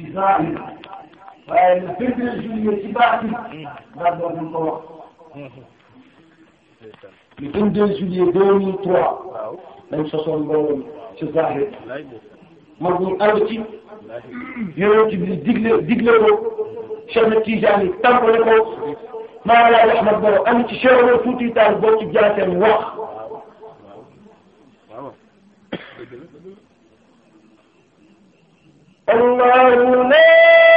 ci zahir waaye le premier juillet ci baatin ndax dootuñ ko wax. Hmm. le 22 juillet 2003. waaw lañ sosoon mbooloo ci zahir mag ñu ànd ci yonent bi digle digle ko Cheikh Tidiane tàmbale ko Mawlaay Ahmad Boro am ci Cheikh Fuuti Taal boo ci jaaseem wax. الله لا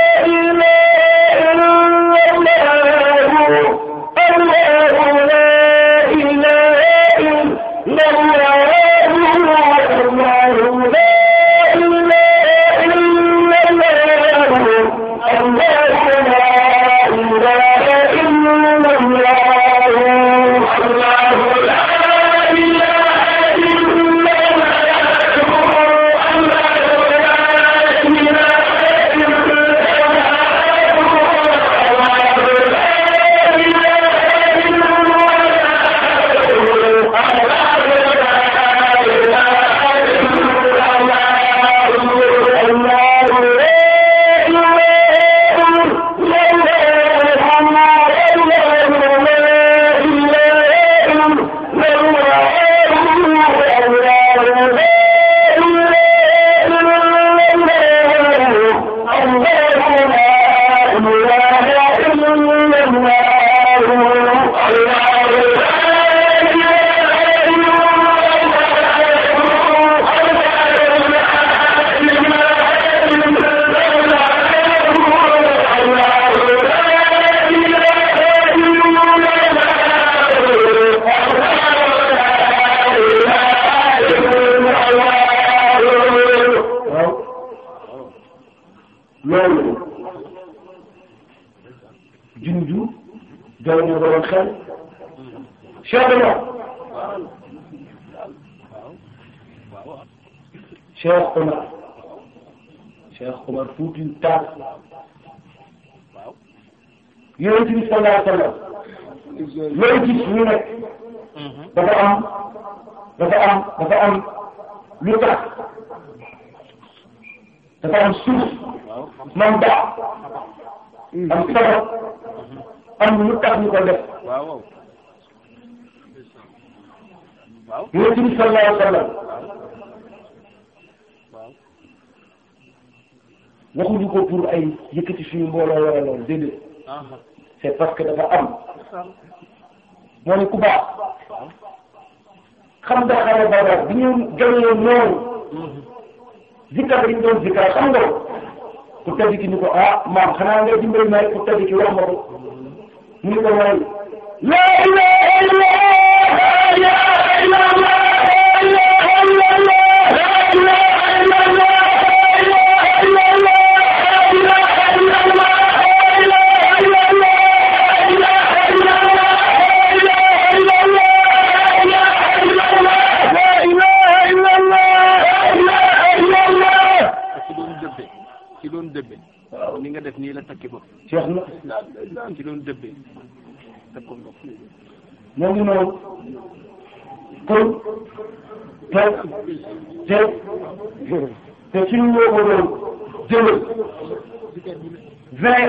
loolu junju jaw ñu borom xel cheikh Omar cheikh Omar cheikh Omar Fuuti Taal yonent bi sallallahu alayhi wa sallam looy gis ñu nekk mhm. dafa am dafa am dafa am lu tax dafa am suuf man baax am hmm. sabab am lu ko def yonent bi sallallahu alayhi wa ko pour ay yëkkati suñu mbooloo wala loolu déedéet c'est parce dafa am moo ne xam nga xare Badar bi ñu gënee zikkar bi ñu doon zikkar xam nga ko ku tedd ki ni ko ah maam xanaa ngay dimbali ma rek ku tedd ki wax ma ko ni ko waay la ilaha illallah cheikh na islam ci doon dëbbee dëppoon ko moo ngi vingt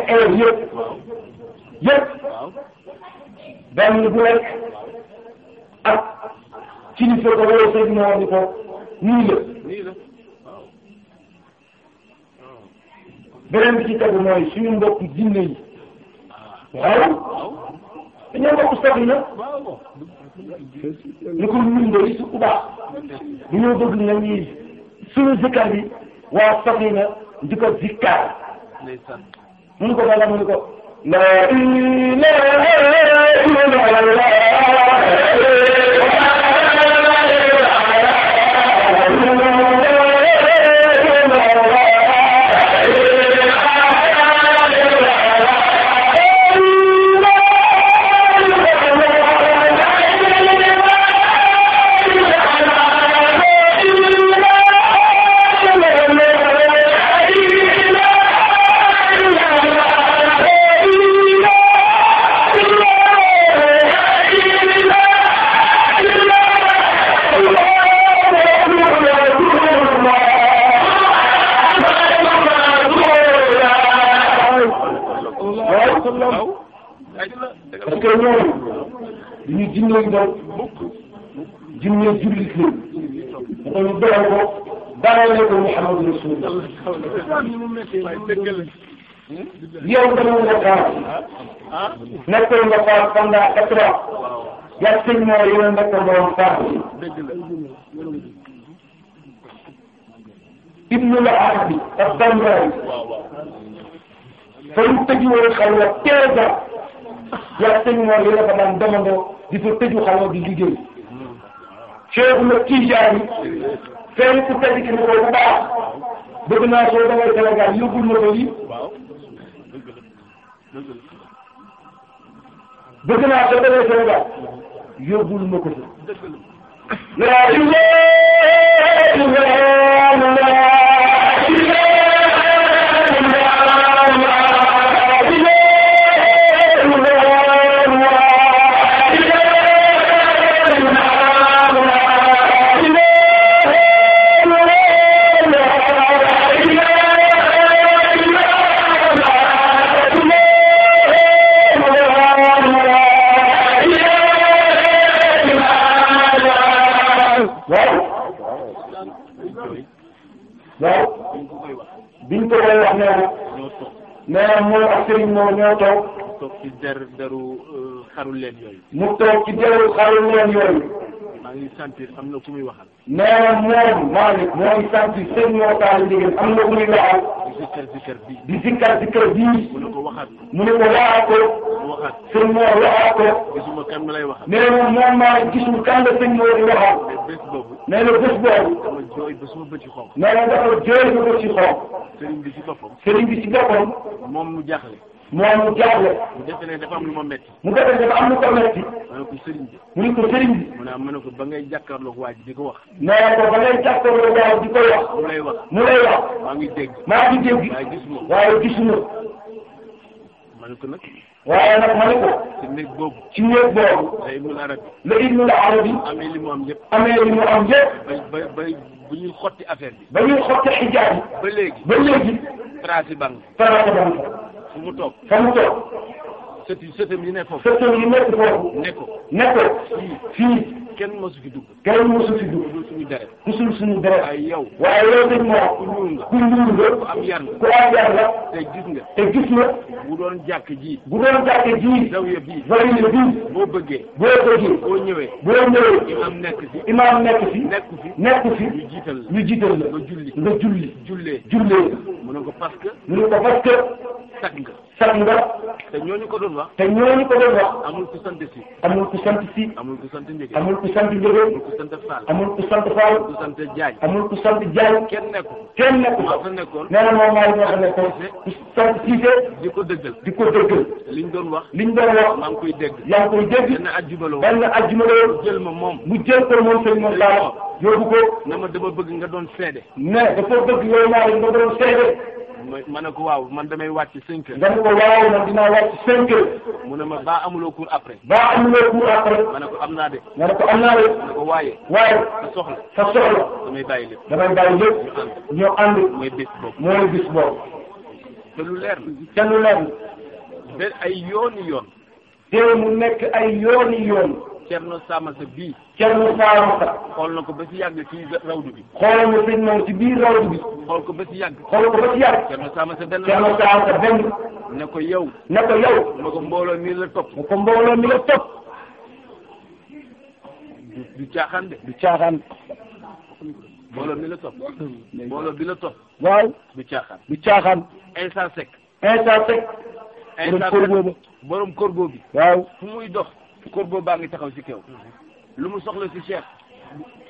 heures yëpp yëpp benn bu nekk ak ci ni fekk wala sëñ bi ma wax ni ko beneen bi ci tegu mooy suñu mbokk jinne yi waaw dañoo mbokk sax yi nag ñu ko mbindee su ku baax dañoo bëgg nag ñuy suñu zikar yi waa sax yi nag di ko zikar mu ne ko bala mu ne ko la ilaha illallah koy daw jinne jullit la dañu beral ko bàyyile ko Muhammadu yow dama nga xaar nekkal nga xaar pendant quatre ans yaa sëñ moo yow nekk borom xaar ibnu la arabi ak bambari fa ñu tëj woon xaw na quinze ans yàlla séminaire yi dafa daan demandoo di fa tëju xalwa di liggéey. Cheikhuna Tijaani feeñ ku tëj ki ne ko bu baax bëgg naa soo demee Sénégal yóbbul ma ko lii. bëgg naa soo demee Sénégal yóbbul ma ko lii. moo ñoo toog. mu toog ci der deru euh, xarul leen yooyu. mu toog ci deru xarul yooyu. maa ngi sentir am na ku muy waxal. nee moom Malick a ngi sentir sëñ moo taal liggéey am na ku muy di sikkar sikkar di mu ne ko waxaat ko. mu ne ko waxaat ko. waxaat sëñ moo waxaat ko. gisuma kan ma lay waxal. la sëñ moo di waxal. bés boobu. nee na jooy ba sama bët ci xonk. nee na jooy ba bët ci xonk. sëriñ bi ci boppam. sëriñ bi ci moom mu jaaxle. moom mu jaaxle. mu defe ne dafa am lu ma métti. mu defe ne dafa am lu ko métti. ma ne ko sëriñ bi. mu ne ko sëriñ bi. mu ne ah ma ne ko ba ngay jàkkaarloog waa ji di ko wax. nee ko ba ngay jàkkaarloog waa ji di ko wax. mu lay wax mu lay wax. maa ngi dégg. maa ngi dégg. waaye gis nga. waaye gis nga. ma ne ko nag. waaye nag ma ne ko. ci néeg boobu. ci néeg boobu. la ibnul arabi. la ibnul arabi. amee li mu am yëpp. amee li mu am yëpp. ba ba bu ñuy xotti affaire bi. ba ñuy xotti xijaab bi. ba léegi ba léegi. tracé bang. tracé bang. fu mu toog. fa mu toog. sëti sëtam yi nekk foofu. sëtam yi nekk foofu. nekkoon nekkoon. fii kenn mosu fi dugg. kenn mosu fi dugg. mosul suñu deret. mosul suñu deret. waaye yow. waaye yow dañ ma ku ñuul nga. ku ñuul nga. ku am yar nga. ku am yar nga. te gis nga. te gis nga. bu doon ji. bu doon jàkk ji. zawiya bii. zawiya bii. boo bëggee. boo bëggee. boo ñëwee. boo ñëwee. imaam nekk fi. imaam nekk fi. nekk fi. nekk fi. ñu jiital la. ñu jiital la. nga julli. nga julli. jullee. jullee. mu ne ko parce que. ko parce que. nga. sax nga. te ñooñu ko doon wax. te ñooñu ko doon wax. amul ku sant si. amul ku sant si. amul ku sant njëgeen. amul ku sant njëgeen. amul ku sant faal. amul ku sant faal. amul ku sant jaay. amul ku sant jaay. kenn nekkul. kenn nekkul maa fa nekkoon. nee moom maa ngi maa fa ku sant siise. di ko dëggal. di ko dëggal. liñ doon wax. liñ doon wax. maa ngi koy dégg. yaa ngi koy dégg. benn ajjuma la woon. benn la woon. jël ma moom. mu jël ko moom sëñ moom laa yóbbu ko. na ma dama bëgg nga doon seede. mais dafa bëgg yow maa nga doon seede ma ne ko waaw man damay wàcc cinq heures. nga ne ko waaw man dinaa wàcc cinq heures. mu ne ma ba amuloo cours après. ba amuloo cours après. ma ne ko am naa de. nga ne ko am na de. ma ne ko waaye. waaye sa soxla. sa soxla. damay bàyyi lépp. damay bàyyi lépp. ñu ànd. mooy bis boobu. bis boobu. te lu leer la. te lu leer ay yooni yoon. te mu nekk ay yooni yoon. Cerno Samassa bii. Cerno Samassa. xool na ko ba si yàgg ci rawdu bi. xoolal na sëñ moom ci biir rawdu bi. xool ko ba si yàgg. xool ko ba si yàgg. Cerno Samassa benn. Cerno Samassa benn. ne ko yow. ne ko yow. ne ko mbooloo mi la topp. ne ko mbooloo mi la topp. du du caaxaan de. du caaxaan. mbooloo mi la topp. mbooloo bi la topp. waaw. du caaxaan. du caaxaan. instant sec. instant sec. instant sec borom corbeau bi. borom corbeau bi. waaw fu muy dox. xur boobu baa ngi taxaw si kaw lu mu soxla si cheikh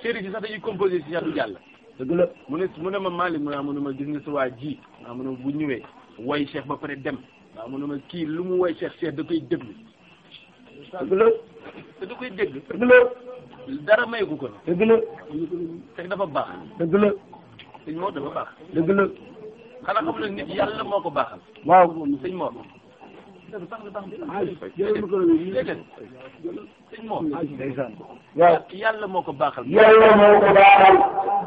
chéri si sax dañuy composé si cheikh du jàll dëgg la mu ne mu ne ma Malick mu naa mu ne ma gis nga sa waa ji naa mu ne ma bu ñëwee way cheikh ba pare dem naa mu ne ma kii lu mu way cheikh cheikh da koy déglu dëgg la koy dégg dëgg la dara mayu ko kon dëgg la dafa baax dëgg la sëñ Mor dafa baax dëgg la xanaa xam ne nit yàlla moo ko baaxal waaw sëñ Mor waaw yàlla moo ko baaxal. yàlla moo ko baaxal.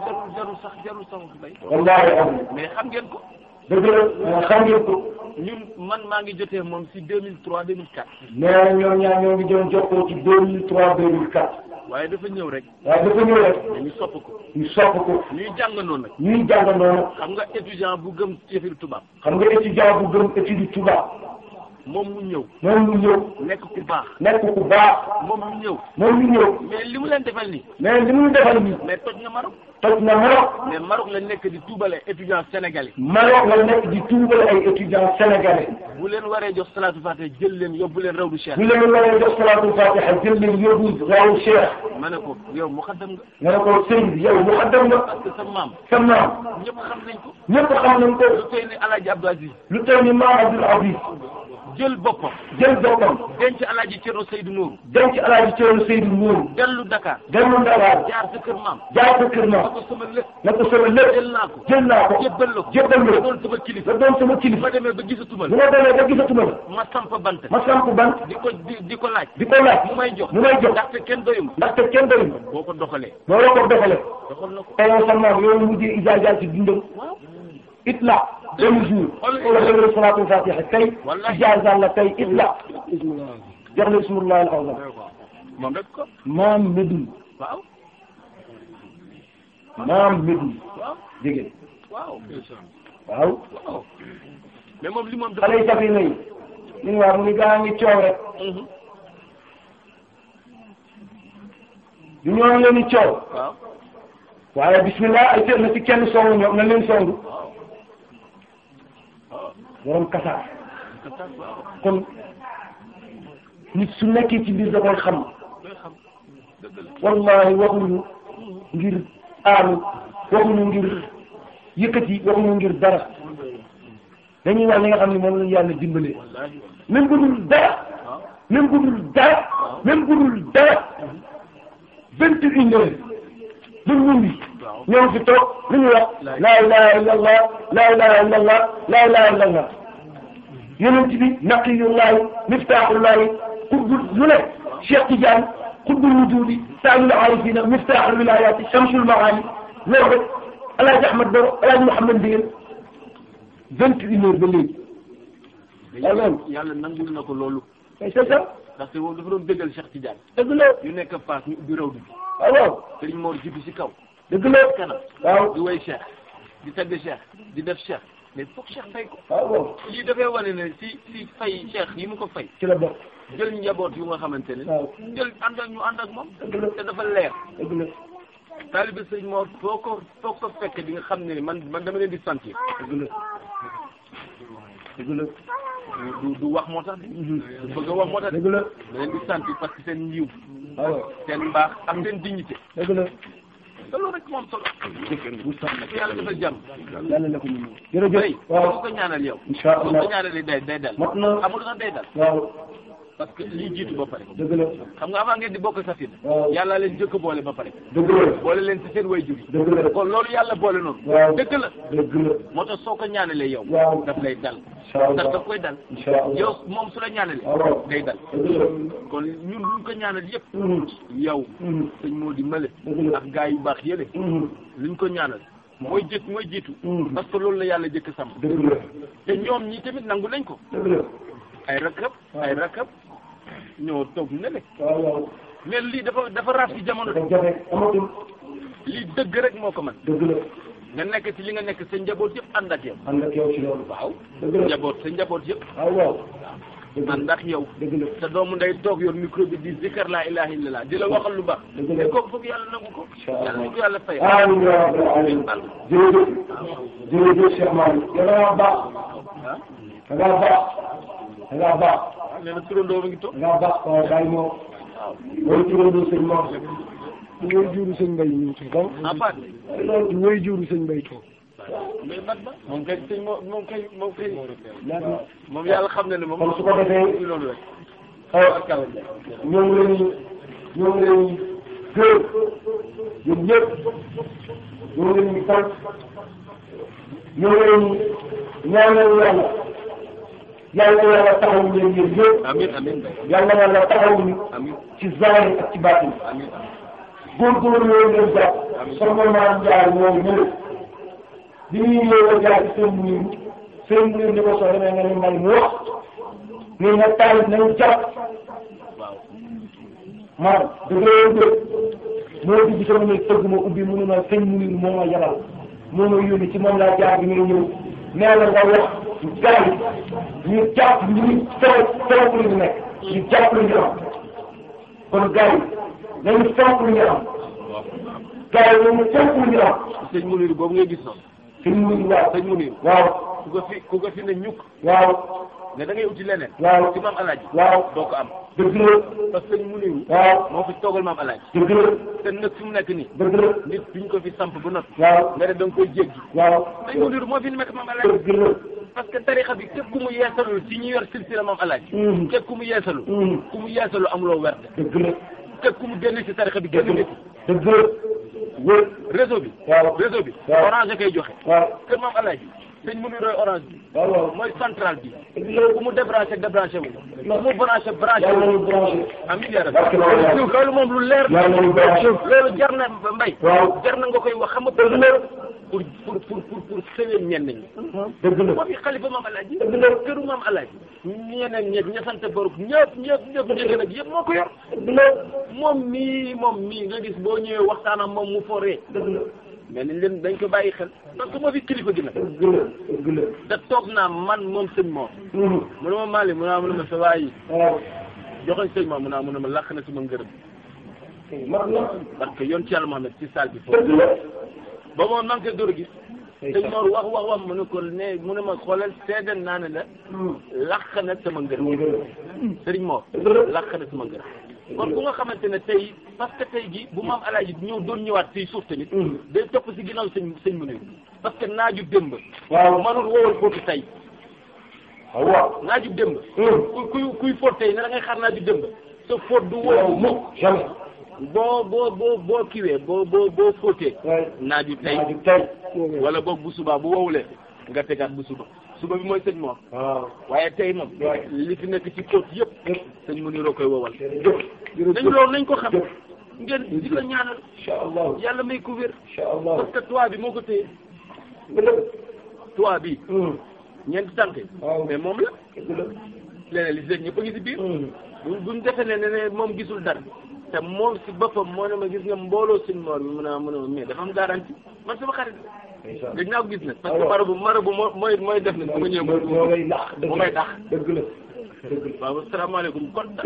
jarul jarul sax jarul sax mbay. wallaahi am mais xam ngeen ko. dëgg la xam ngeen ko. ñun man maa ngi jotee moom si 2003 2004. mais ñoom ñaar ñoo ngi doon jokkoo ci 2003 2004. waaye dafa ñëw rek. waaye dafa ñëw rek. ñu sopp ko. ñu sopp ko. ñuy jàngandoo nag. ñuy jàngandoo nag. xam nga étudiant bu gëm étude tubaab. xam nga étudiant bu gëm étude tubaab. moom mu ñëw. moom mu ñëw. nekk ku baax. nekk ku baax. moom mu ñëw. moom mu ñëw. mais li mu leen defal nii. mais li mu defal nii. mais toj na Maroc. toj na Maroc. mais Maroc la nekk di tuubale étudiants sénégalais. Maroc la nekk di tuubale ay étudiants sénégalais. bu leen waree jox salatu fatiha jël leen yóbbu leen rawdu cheikh. bu leen waree jox salatu fatiha jël leen yóbbu rawdu cheikh. ma ne ko yow muqaddam nga. ma ne ko sëñ bi yow muqaddam nga. parce que sa maam. sa maam. ñëpp xam nañ ko. ñëpp xam nañ ko. lu tey ni El Hadj Abdou Aziz. lu tey ni Maam Abdou Aziz. jël boppam. jël boppam. denc alaaji Thierno Seydou Nourou. denc alaaji Thierno Seydou Nourou. dellu Dakar. dellu Dakar. jaar sa kër maam. jaar sa kër maam. la ko sama lépp la ko sama lépp jël naa ko jël naa ko jébbal la ko jébbal la ko doon sama kilifa doon sama kilifa ma demee ba gisatuma la ma demee ba gisatuma la ma samp bant ma samp bant di ko di di ko laaj di ko laaj mu may jox mu may jox ndaxte kenn doyuma ndaxte kenn doyuma boo ko doxalee boo la ko doxalee doxal na ko tey sama maam loolu mujjee ijaajaat ci dundam itla benn jour wala benn salaatul fatiha tey ijaaza la tey itla jox la ismullah al azam maam medul waaw maam Médoune jigéen waaw. mais moom li moom dafa xale ngi waaw mu ngi ngi leen di waaye bismillah na ci kenn songu na leen songu. borom kasaar. kon nit su nekkee ci biir da wallahi waxuñu ngir. aaru waxuñu ngir yëkkati waxuñu ngir dara dañuy wax li nga xam ne moom lañu yàlla dimbalee même bu dul dara même bu dul dara même bu dul dara vingt et une heures ba ñundi ñëw fi toog lu ñu wax laa ilaha illa allah laa ilaha illa allah laa ilaha illa allah yonent bi naqiyullahi miftaaxullahi ku lu ne Cheikh Tidiane قطب الوجود سعد العارفين مفتاح الولايات شمس المعاني لربك الحاج احمد برو الحاج محمد Ndiél 21 heures ba léegi. yàlla nangul na ko loolu. c'est ça. ndaxte moom dafa doon dëggal Cheikh Tidiane. dëgg la nekk Fass ñu ubbi raw bi. Ah, waaw Serigne Mor kaw. dëgg la di woy Cheikh. di tagg Cheikh di def Cheikh mais foog Cheikh fay ko. Ah, waaw lii dafay wane ne si si fay Cheikh yi mu ko fay. ci la bokk. jël njaboot yu nga xamante ne. waaw jël ànd ak ñu ànd moom. te dafa leer. dëgg la foo ko foo ko fekkee di nga xam ne man man dama leen di sant dëgg du du wax moo tax. Mhm. bëgg wax moo tax. dëgg la leen di sentir parce que seen yiw. Ah seen mbaax ak seen dignité. dëgg rek moom solo. yàlla dafa jàmm. yàlla na ko mën a. jërëjëf ko ñaanal yow. incha ko ñaanal day day dal. mat na day dal. parce que lii jiitu ba pare. dëgg la xam nga avant ngeen di bokk safin. yàlla leen jëkk boole ba pare. dëgg la boole leen ci seen way jur yi. dëgg la kon loolu yàlla boole noonu. waaw la. moo tax soo ko ñaanalee yow. waaw daf lay dal. daf koy dal. yow moom su la ñaanalee. day dal. kon ñun luñ ko ñaanal yëpp. Mm-hmm. yow. Mm-hmm. sëñ moo di male. ak gaa yu baax yële. Mm-hmm. ñu ko ñaanal. mooy jëkk mooy jiitu. parce que loolu la yàlla jëkk sàmm. dëgg la te ñoom ñi tamit nangu nañ ko. ay rakab ay rakab. ñoo toog ne le waaw lii dafa dafa raaf ci jamono bi amatul dëgg rek moo ko mën dëgg la nga nekk ci li nga nekk sa njaboot yëpp ànd ak yow ànd ak yow ci njaboot sa njaboot yëpp waaw waaw ànd ak yow dëgg la sa doomu nday toog yoon micro di zikar laa ilaha illallah di la waxal lu baax te kooku foog yàlla nangu ko yàlla nangu yàlla fay nee na turandoo mi ngi toog. nga baax Baye Mor. waaw mooy turandoo sëñ Mor. mooy juuru sëñ Mbaye ñu ngi toog. mooy juuru sëñ Mbaye toog. mais bat ba moom kay sëñ moom kay moom kay. moom yàlla xam na ne moom. kon su ko defee loolu rek. xaw ñoom la ñuy ñoom la ñuy gërëm ñoom ñëpp ñoom la ñuy sant ñoom la ñuy ñaanal yàlla. yàlla na yàlla taxawu leen yéen yëpp. amiin amiin yàlla na yàlla taxawu ñu. amiin ci zaahir ak ci baatin. amiin góorgóorlu yooyu ngeen jàpp. amiin soxna maam Ndiaye ñoom ñëw. bi ñuy ñëw a jaar ci seen mbir mi seen mbir mi ko soxla mu wax ni nga taal nañu jàpp. maanaam dëgg la dëgg moo dugg sama nekk tëgg ma ubbi mu ne ma sëñ mu ne moo ma yabal moo ma yónni ci moom laa nee na nga wax gars yi ñu jàpp ñu soog soog lu ñu nekk ñu jàpp lu ñu am kon gars yi nañu soog lu ñu am gars yi nañu soog lu ñu am. sëñ Mounir boobu ngay gis noonu. sëñ Mounir waaw sëñ Mounir. waaw ku ko fi ku ko fi ne ñukk. waaw. ne da ngay uti leneen. waaw ci maam am. dëgg la que mu niru. waaw moo fi toogal maam Alaaji. dëgg la fi mu nekk nii. nit duñ ko fi samp ba noppi. nga ne da nga koy jéggi. waaw moo fi nekk maam Alaaji. dëgg la parce que tarixa bi képp ku mu yeesalul ci ñi yor silsila maam Alaaji. Mm-hmm. képp ku mu yeesalu. Mm-hmm. ku mu yeesalu amuloo werde. dëgg la képp ku mu génne tarixa bi génn nit. bi. waaw réseau bi. waaw orange kay joxe. waaw kër maam dañ mën a doy orange bi. waaw waaw mooy central bi. mu débranché débranché wu. bu mu branché branché wu. amiin yaa rabbi moom lu leer. loolu jar na mbay. waaw jar na nga koy wax xam nga pour pour pour pour pour sewee ñenn ñi. dëgg la moom i xalifa maam Alaaji. dëgg la këru maam ña sant borom ñëpp ñëpp ñëpp nag yëpp moo ko yor. dëgg la moom mii moom mi nga gis boo ñëwee waxtaan ak moom mu foree. dëgg la. mais nañ leen dañ ko bàyyi xel parce que moo fi kilifa gi nag. te toog naa man moom sëñ moom. mu ne ma Malick mu ne ah mu ne ma sa waay yi. joxoñ sëñ moom mu ne ah mu ne ma lakk na sama ngërëm. parce que yoon ci yàlla Mohamed ci salle bi foofu. ba moom maa ngi koy dóor gis. sëñ Mor wax wax wax mu ne ko ne mu ne ma xoolal seede naa ne la. lakk na sama ngërëm. sëñ Mor lakk na sama ngërëm. kon bu nga xamante ne tey parce que tey gi bu maam alaaji ñëw doon ñëwaat fii suuf tamit mm. day topp si ginnaaw sëñ sëñ mu ne parce que naaju démb waaw manul wowal fóotu tey ah, waaw naaju démb mm. ku kuy kuy fóot tey ne da ngay du wow mukk boo boo boo boo kiwee boo boo fóotee naaju tey wala boog bu subaa bu wowulee nga tegaat bu suba suba bi mooy sëñ Mor. waaw waaye tey li fi nekk ci kóot yëpp. sëñ mu niroo koy wowal. jërëjëf nañ loolu nañ ko xam. ngeen di allah yàlla may ko wér. incha allah parce que toit bi moo ko téye. toit bi. Hmm. ñeenti tànk. waaw mais moom la. leneen li si nekk ñëpp a ngi si biir. buñ hmm. buñ defee ne ne moom gisul dara. te moom si boppam moo ne ma gis nga mbooloo sëñ Mor bi mun a mun a mais garanti man sama xarit gëj naa ko gis na parce que marabu marabu mooy mooy na bu ma ñëwee mooy moo may tax moo may tax dëgg la dëgg la waaw asalaamaaleykum kontaan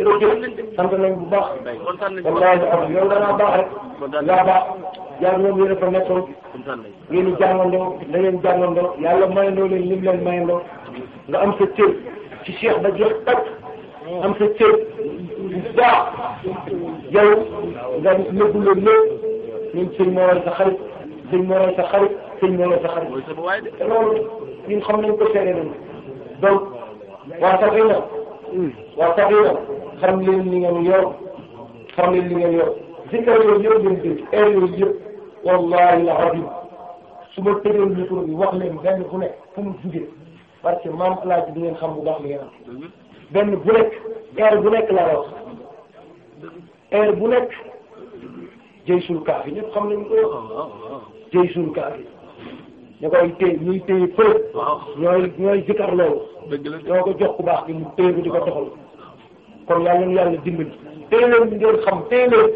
sant nañ bu baax kontaan nañ wallaahi yow danaa baax rek danaa baax moom yéen a fa nekkoon ngeen di nga am sa cër ci Cheikh ba jeex takk sa cër bu nga nëbbu leen lépp ñun sëñ moo sa xarit sa xarit sëñ bi sa xarit loolu ñun xam nañ ko seede nañ donc waa Safina hmm. waa Safina xam leen li ngeen yor xam leen li ngeen yor zikar yooyu yëpp ngeen dégg heure yooyu yëpp wallahi la rabbi su ma tëjoon micro bi wax leen benn bu nekk fu mu jugee parce bi ngeen xam bu baax li benn bu nekk heure la wax heure bu nekk jëy suul kaaf yi ñëpp ko ah, ah, ah. jëy suul kaaf ñu koy téye ñuy téye fële. waaw ñooy ñooy zikar loolu. dëgg la ñoo ko jox ku baax gi mu téye ko di ko doxal. kon yàlla na yàlla dimbali. téye leen ngeen xam téye leen.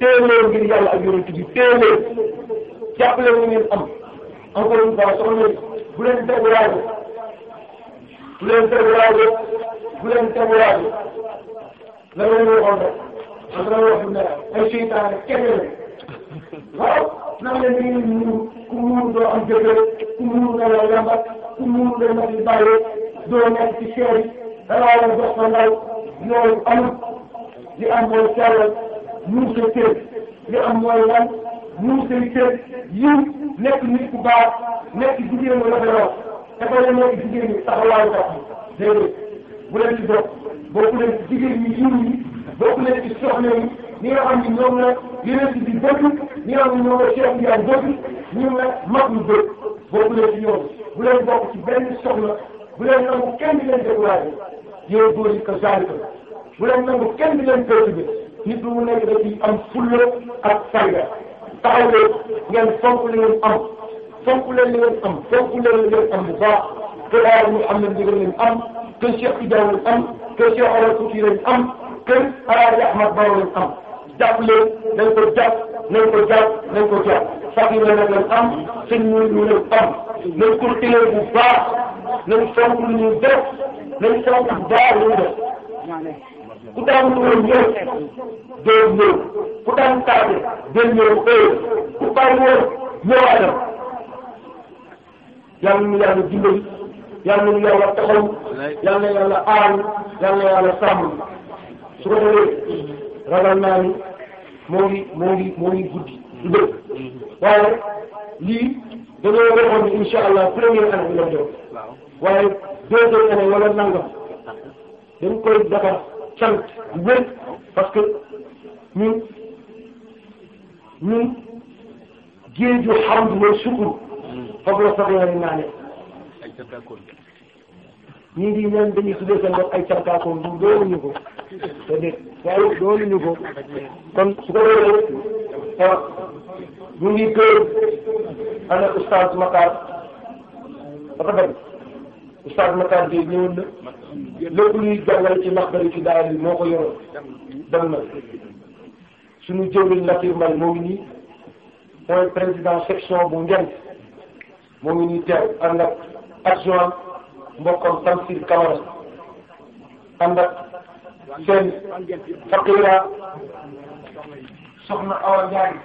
téye leen ngir yàlla ak yonent bi téye leen. jàpp leen ni ngeen am. encore une fois soxna yi bu leen découragé. bu leen découragé. bu leen découragé. la leen waxoon rek. parce que wax dëgg yàlla ay seytaane kenn la waaw. ndax leen ñu ku muur doo am jëkkër ku la yambat ku muur doo mën nekk ci kër yi rawatina jox ko ndaw loolu li am mooy sellal muur sa kër li am mooy lan muur sa kër yiw nekk nit ku nekk jigéen mu rafetoo dafa la nekk jigéen ñi taxawaayu ko déedéet bu leen ci bokk bokk leen ci yi bokk leen ci ñi nga xam ni ñoom la yeneen bi dëkk ñi nga xam ni ñoom la Cheikh Ndiaye dëkk ñu la mag ñu dëkk boobu leen ci yoon bu leen bokk ci benn soxla bu leen nangu kenn di leen découragé yow góor yi que zalika bu leen nangu kenn di leen perturbé nit bu mu nekk da ciy am fulla ak fayda taxaw leen ngeen fonk li ngeen am fonk leen li ngeen am fonk leen li ngeen am bu baax te daal ñu am na ndigal leen am te Cheikh Tidiane leen am te Cheikh Omar Fouti leen am te El Hadj Ahmad Baro leen am jàpp leen nañ ko jàpp nañ ko jàpp nañ ko jàpp fakir la nag lañ am sëñ ñun ñu leen am nañ ko tilee bu baax nañ fonk lu ñu def nañ fonk bu baax lu ñu def ku daan ñëw ñëw dee ñëw ku daan tardé dee ñëw heure ku bàyyi woon ñëw adam yàlla ñu yàlla dimbali yàlla ñu yàlla taxaw yàlla yàlla aar yàlla yàlla sàmm su ko defee ragal naa ni moo ngi guddi du waaye lii dañoo waxoon ni insha allah première année bi la doon waaye deuxième année wala nangam dañ koy defar sant bu wér parce que ñun ñun géeju xamd mooy sukkur foofu la soxla naa ne ñii di ñaan dañuy tuddee ay carkaakoon du dooluñu ko te dégg waaye dooluñu ko kon su ko defee ah ñu ngi kër ana oustaz Matar dafa dem Matar bi ñëwoon na lépp luy jàngale ci maxbari ci daara bi moo ko yoroon dem na section bu Ngent moo ngi nii teew ànd mbokkam Tamsir Camara ànd ak seen